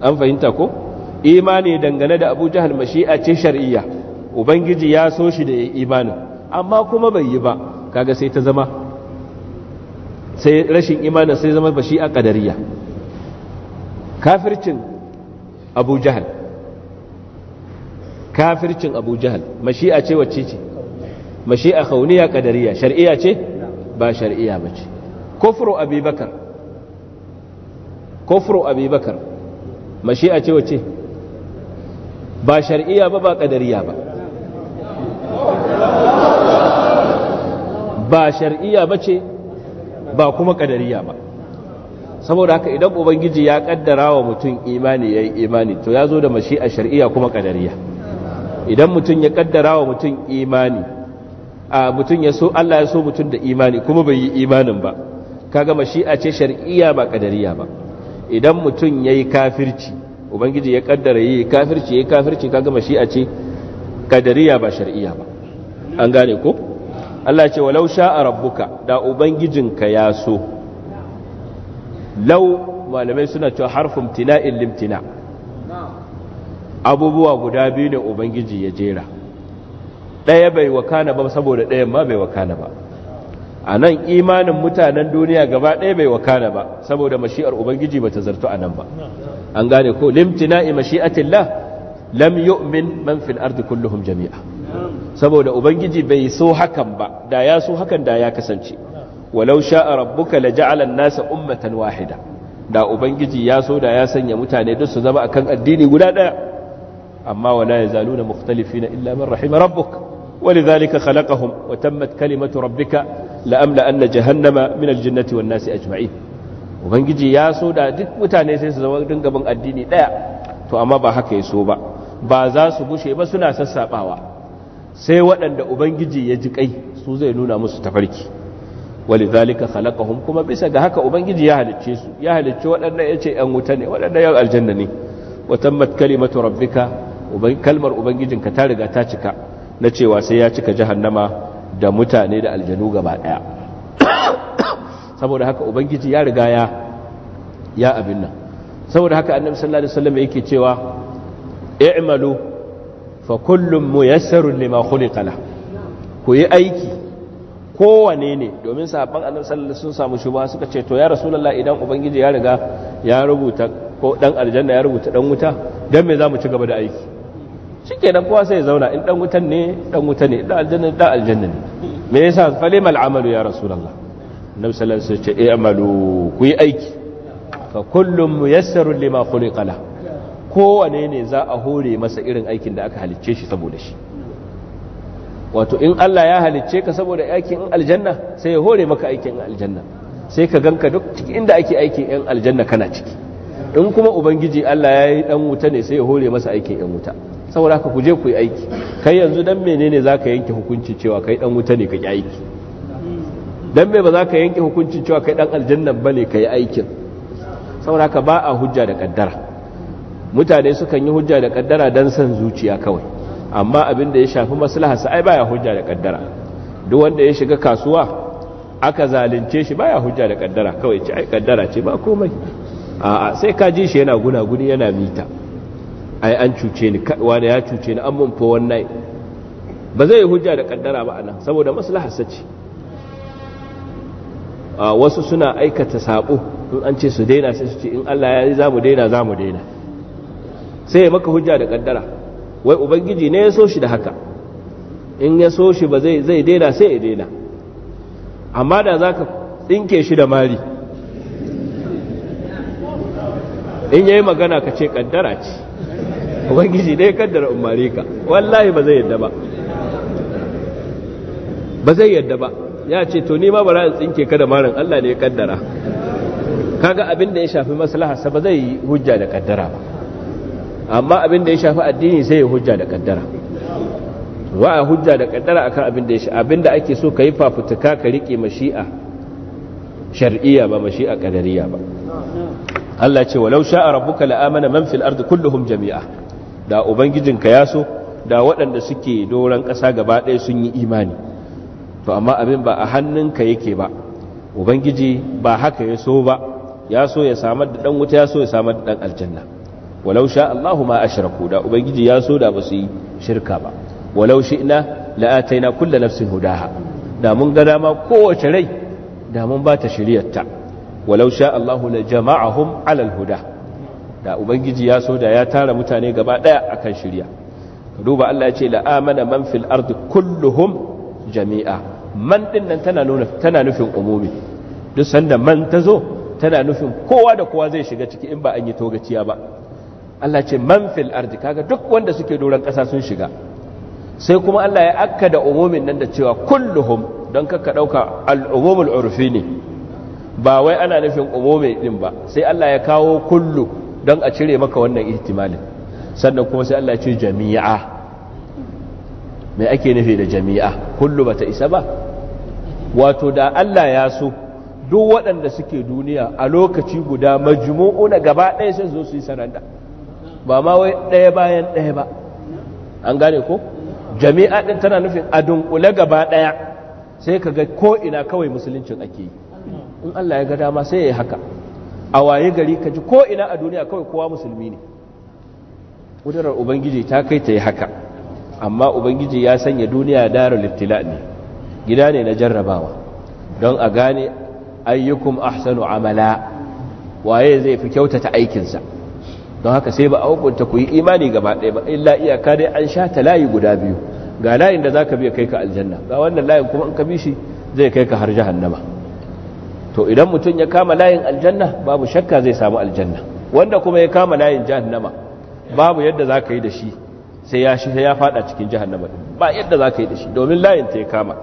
an fahimta ko imani dangane da abu jahal mashi'a ce shar'iyya ubangiji ya so shi da imanin amma kuma bai yi ba kaga sai ta zama sai rashin imanin sai zama mashi'a kadariya kafircin abu jahal kafircin abu jahal mashi'a ce wacce ce mashi'a kauniya kadariya shar'iyya ce ba shar'iyya bace kufru abubakar kufru abubakar mashi'a ce wace ba shari'iya ba ba ƙadariya ba ba shar'iyya ba ce ba kuma ƙadariya ba saboda haka idan ubangiji ya kaddara wa mutum imani ya yi imani to ya zo da mashi'a shari'a kuma kadariya idan mutum ya kaddara wa mutum imani a mutum ya so Allah ya so mutum da imani kuma bai yi imanin ba kaga mashi'a ce shari'a ba kadariya ba idan mutum ya yi kafirci ubangiji ya kaddara yi kafirci ya yi kafirci shi a ce kadariya ba shari'iya ba an gane ko Allah ce walau a rabbuka da Ubangijin ka ya so lau malamai suna cewa harfin tina'in limtina abubuwa guda biyu ne ubangiji ya jera ɗaya bai wakana ba saboda ɗayan ma bai wakana ba a nan imanin mutanen duniya gaba ɗaya bai wakana ba saboda mashi'ar ubangiji ba ta zartu a nan ba an gane ko limtina'i mashi'atillah lam yu'min man fil ardi kulluhum jami'a saboda ubangiji bai so hakan ba da ya so hakan da ya kasance walau sha'a rabbuka laja'ala an-nasa ummatan wahida da ubangiji ya so da ya sanya mutane duk su zama akan addini guda ɗaya amma wala yazaluna mukhtalifina illa man rahima rabbuk ولذلك خلقهم وتمت كلمة ربك la'amla anna jahannama min jinnati wannasi nasi ajma'in ubangiji ya so da duk mutane sai su zama dinga bin addini daya to amma ba haka ya so ba ba za su bushe ba suna sassabawa sai waɗanda ubangiji ya ji kai su zai nuna musu tafarki zalika khalaqahum kuma bisa ga haka ubangiji ya halicce su ya halicce waɗanda yan wuta ne waɗanda yan aljanna ne wa tammat kalimatu rabbika kalmar ubangijinka ta riga ta cika na cewa sai ya cika jahannama da mutane da aljanu gaba daya saboda haka ubangiji ya riga ya ya abin nan saboda haka annabi sallallahu alaihi wasallam yake cewa i'malu fa kullum muyassarun lima khuliqa la ku yi aiki kowane ne domin sabon annabi sallallahu alaihi sun samu shuba suka ce to ya rasulullah idan ubangiji ya riga ya rubuta ko dan aljanna ya rubuta dan wuta dan me zamu ci gaba da aiki shikenan kowa sai ya zauna in dan wutan ne dan wuta ne dan aljanna dan aljanna ne me yasa mal amalu ya rasulullah nabi sallallahu alaihi wasallam ce eh, amalu ku yi aiki fa kullum muyassarun lima khuliqa la kowane ne za a hore masa irin aikin da aka halicce shi saboda shi wato in Allah ya halicce ka saboda aikin aljanna sai ya hore maka aikin aljanna sai ka ganka duk inda ake aiki in aljanna kana ciki in kuma ubangiji Allah ya yi dan wuta ne sai ya hore masa aikin yan wuta saboda haka ku je ku yi aiki kai yanzu dan menene ka yanke hukunci cewa kai dan wuta ne ka yi aiki dan me ba za ka yanke hukunci cewa kai dan aljanna ba ne ka yi aikin saboda haka ba a hujja da kaddara mutane sukan yi hujja da kaddara dan san zuciya kawai amma abin da ya shafi maslaha sa ai baya hujja da kaddara duk wanda ya shiga kasuwa aka zalunce shi baya hujja da kaddara kawai ce ai kaddara ce ba komai a'a sai ka ji shi yana gunaguni yana mita ai an cuce ni wani ya cuce ni an mun fa wannan ba zai hujja da kaddara ba anan saboda maslahar sace wasu suna aikata sabo in an ce su daina sai su ce in Allah ya yi za mu daina za mu daina sai ya maka hujja da kaddara wai ubangiji ne ya so shi da haka in ya so shi ba zai daina sai ya daina amma da za ka tsinke shi da mari in yayi magana ka ce kaddara ce ubangiji dai kaddara umare ka wallahi ba zai yadda ba ba zai yadda ba ya ce to ni ma bara in tsinke ka da marin Allah ne ya kaddara kaga abin da ya shafi maslaha sa ba zai yi hujja da kaddara ba amma abin da ya shafi addini sai ya hujja da kaddara wa a hujja da kaddara akan abin da ya shafi abin da ake so ka yi fafutuka ka rike mashi'a shar'iyya ba mashi'a kadariya ba Allah ce walau sha'a rabbuka la'amana man fil ardi kulluhum jami'a da ubangijinka ya so da waɗanda suke doran ƙasa gaba ɗaya sun yi imani to amma abin ba a hannunka yake ba ubangiji ba haka ya so ba ya so ya samar da ɗan wuta ya so ya samar da ɗan aljanna walau sha Allahu ma ashraku da ubangiji ya so da basu yi shirka ba walau shi'na la ataina kullu nafsin hudaha da mun ga dama kowace rai da mun ba ta shiriyarta walau sha na jama'a hum alal huda da ubangiji ya so da ya tara mutane gaba daya akan shirya duba Allah ya ce la man fil ardi kulluhum jami'a man din nan tana nuna tana nufin umumi duk sanda man ta zo tana nufin kowa da kowa zai shiga ciki in ba an yi togaciya ba Allah ce man fil ardi kaga duk wanda suke doron ƙasa sun shiga sai kuma Allah ya akkada umumin nan da cewa kulluhum don kakka ɗauka al'umumul urfi ne ba wai ana nufin umume din ba sai Allah ya kawo kullu don a cire maka wannan ihtimalin sannan kuma sai Allah ya ce jami'a mai ake nufi da jami'a kullu bata isa ba wato da Allah ya so duk waɗanda suke duniya a lokaci guda majmu'una gaba ɗaya sai zo su yi sananda ba ma wai ɗaya bayan ɗaya ba an gane ko jami'a ɗin tana nufin a dunkule gaba ɗaya sai ka ga ko ina kawai musuluncin ake yi in Allah ya ga dama sai ya yi haka a waye gari ka ji ko ina a duniya kawai kowa musulmi ne kudurar ubangiji ta kai ta yi haka amma ubangiji ya sanya duniya darul ibtila ne gida ne na jarrabawa don a gane ayyukum ahsanu amala waye zai fi kyautata aikinsa don haka sai ba a hukunta ku yi imani gaba ɗaya ba illa iyaka dai an sha ta layi guda biyu ga layin da za ka biya kai ka aljanna ga wannan layin kuma in ka bi shi zai kai ka har jahannama to idan mutum ya kama layin aljanna babu shakka zai samu aljanna wanda kuma ya kama layin jahannama babu yadda za ka yi da shi sai ya shi ya fada cikin jahannama ba yadda za ka yi da shi domin layin ta ya kama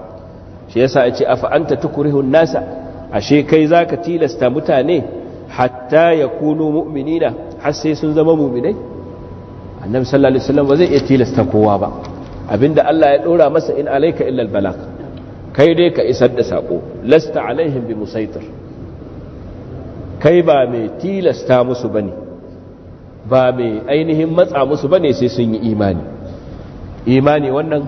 shi yasa ya ce afa fa'anta tukurihun nasa ashe kai za ka tilasta mutane hatta ya kunu mu'minina har sai sun zama mu'minai annabi sallallahu alaihi wasallam ba zai iya tilasta kowa ba abinda Allah ya dora masa in alayka illa bala. kai dai ka isar da saƙo. lasta alaihim bi musaitir kai ba mai tilasta musu bane ba mai ainihin matsa musu bane sai sun yi imani imani wannan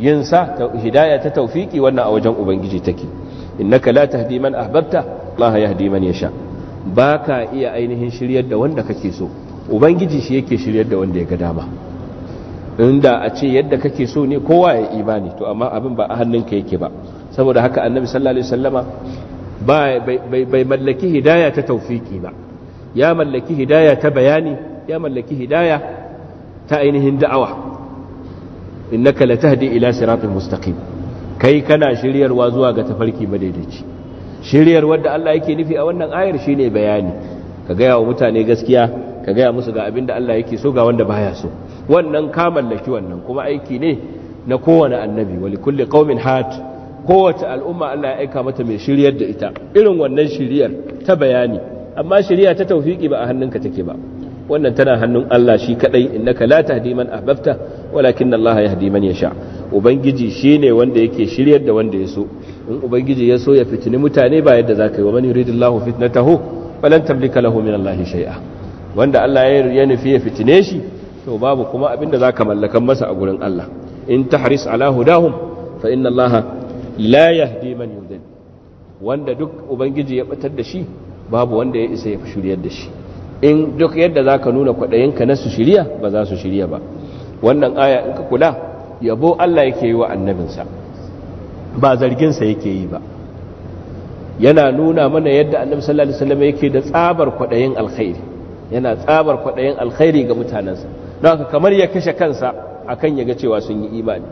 yin sa hidaya ta taufiki wannan a wajen ubangiji take innaka la tahdi man ahbabta Allah yahdi man yasha baka iya ainihin shiryar da wanda kake so ubangiji shi yake shiryar da wanda ya ga dama inda a ce yadda kake so ne kowa ya imani to amma abin ba a hannunka yake ba saboda haka annabi sallallahu alaihi wasallama bai mallaki hidaya ta taufiki ba ya mallaki hidaya ta bayani ya mallaki hidaya ta ainihin da'awa innaka latahdi ila siratin mustaqim kai kana shiryarwa zuwa ga tafarki madaidaici shiryar wadda Allah yake nufi a wannan ayar shine bayani ka ga wa mutane gaskiya ka gaya musu ga abin da Allah yake so ga wanda baya so wannan ka mallaki wannan kuma aiki ne na kowane annabi wali kulli qaumin hat kowace al'umma Allah ya aika mata mai shiryar da ita irin wannan shiryar ta bayani amma shiriya ta tawfiki ba a hannunka take ba wannan tana hannun Allah shi kadai innaka la tahdi man ahbabta walakin Allah yahdi man yasha ubangiji shine wanda yake shiryar da wanda ya so. in ubangiji ya so ya fitini mutane ba yadda zaka yi wa man fit fitnatahu falan tamlika lahu min Allahi shay'a wanda Allah ya nufi ya fitine shi to babu kuma abinda za ka mallakan masa a gurin Allah in haris ala hudahum fa inna Allah la yahdi man yudhil wanda duk ubangiji ya batar da shi babu wanda ya isa ya fi shiryar da shi in duk yadda za ka nuna kwaɗayinka na su shirya ba za su shirya ba wannan aya in ka kula yabo Allah yake yi wa annabinsa ba zarginsa yake yi ba yana nuna mana yadda annabi sallallahu alaihi wasallam yake da tsabar kwaɗayin alkhairi yana tsabar kwaɗayin alkhairi ga mutanensa don haka kamar ya kashe kansa akan ya ga cewa sun yi imani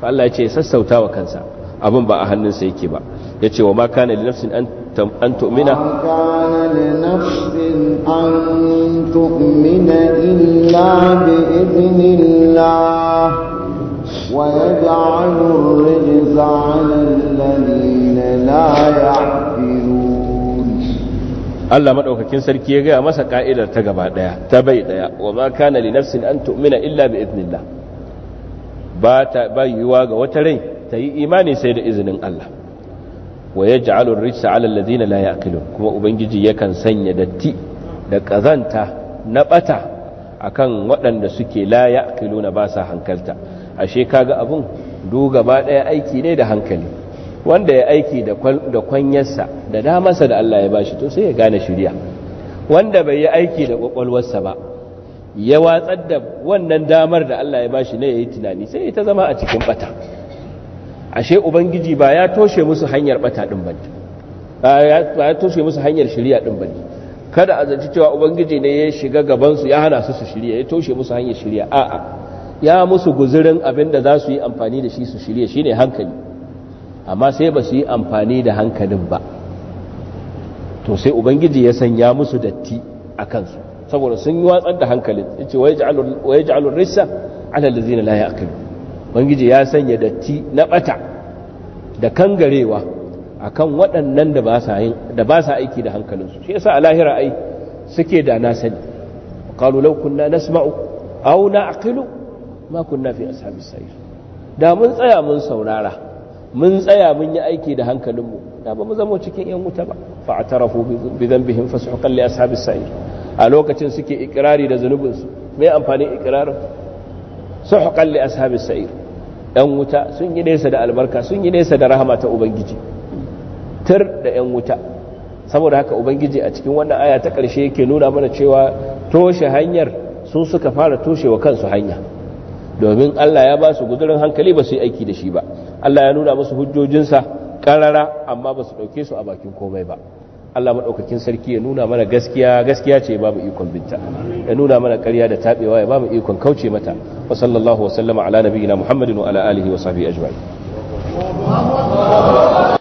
fa Allah ya ce sassauta wa kansa abin ba a hannunsa yake ba ya ce wa ma kana li nafsin an tu'mina illa bi idnillah wa yaj'alu Allah madaukakin sarki ya gaya masa ka'idar ta gaba daya ta bai daya wa ma kana li nafsin an tu'mina illa bi idnillah ba ta bayuwa ga wata rai ta yi imani sai da izinin Allah wa yaj'alur rijsa 'ala alladhina la ya'qilun kuma ubangiji yakan sanya datti da kazanta na bata akan waɗanda suke la ya'qiluna ba sa hankalta ashe kaga abun du gaba daya aiki ne da hankali wanda ya aiki da kwanyarsa da damarsa da Allah ya bashi to sai ya gane shirya wanda bai yi aiki da kwakwalwarsa ba ya watsar da wannan damar da Allah ya ba shi na ya yi tunani sai ya ta zama a cikin bata ashe ubangiji ba ya toshe musu hanyar bata din bane ba ya toshe musu hanyar shirya din bane kada a zanci cewa ubangiji ne ya shiga gabansu ya hana su su shirya ya toshe musu hanyar shirya a'a ya musu guzurin abin da za su yi amfani da shi su shirya ne hankali amma sai ba su yi amfani da hankalin ba to sai ubangiji ya sanya musu datti a kansu saboda sun yi watsar da hankalin ya ce wa ya ji'alun rissa alalazi na laye akalu ubangiji ya sanya datti na bata da kangarewa a kan waɗannan da ba sa aiki da hankalinsu shi yasa a lahira ai suke da na sani ƙalu lau kunna nasma'u au na aqilu ma kunna fi ashabis sayr da mun tsaya mun saurara mun tsaya mun yi aiki da hankalinmu da ba mu zama cikin yan wuta ba fa atarafu bi fasu fasuhqan a sabis sa'ir a lokacin suke ikirari da zunubinsu mai me amfani su suhqan a sabis sa'ir yan wuta sun yi nesa da albarka sun yi nesa da rahama ta ubangiji tir da yan wuta saboda haka ubangiji a cikin wannan aya ta ƙarshe yake nuna mana cewa toshe hanyar su suka fara toshewa kansu hanya domin Allah ya ba su gudurin hankali ba su yi aiki da shi ba Allah ya nuna musu hujjojinsa karara amma ba su ɗauke su a bakin komai ba Allah maɗaukakin sarki ya nuna mana gaskiya gaskiya ce babu ikon binta ya nuna mana ƙarya da taɓewa ya babu ikon kauce mata wa sallallahu wa sallama ala nabiyina muhammadin wa ala alihi wa sahbihi ajma'in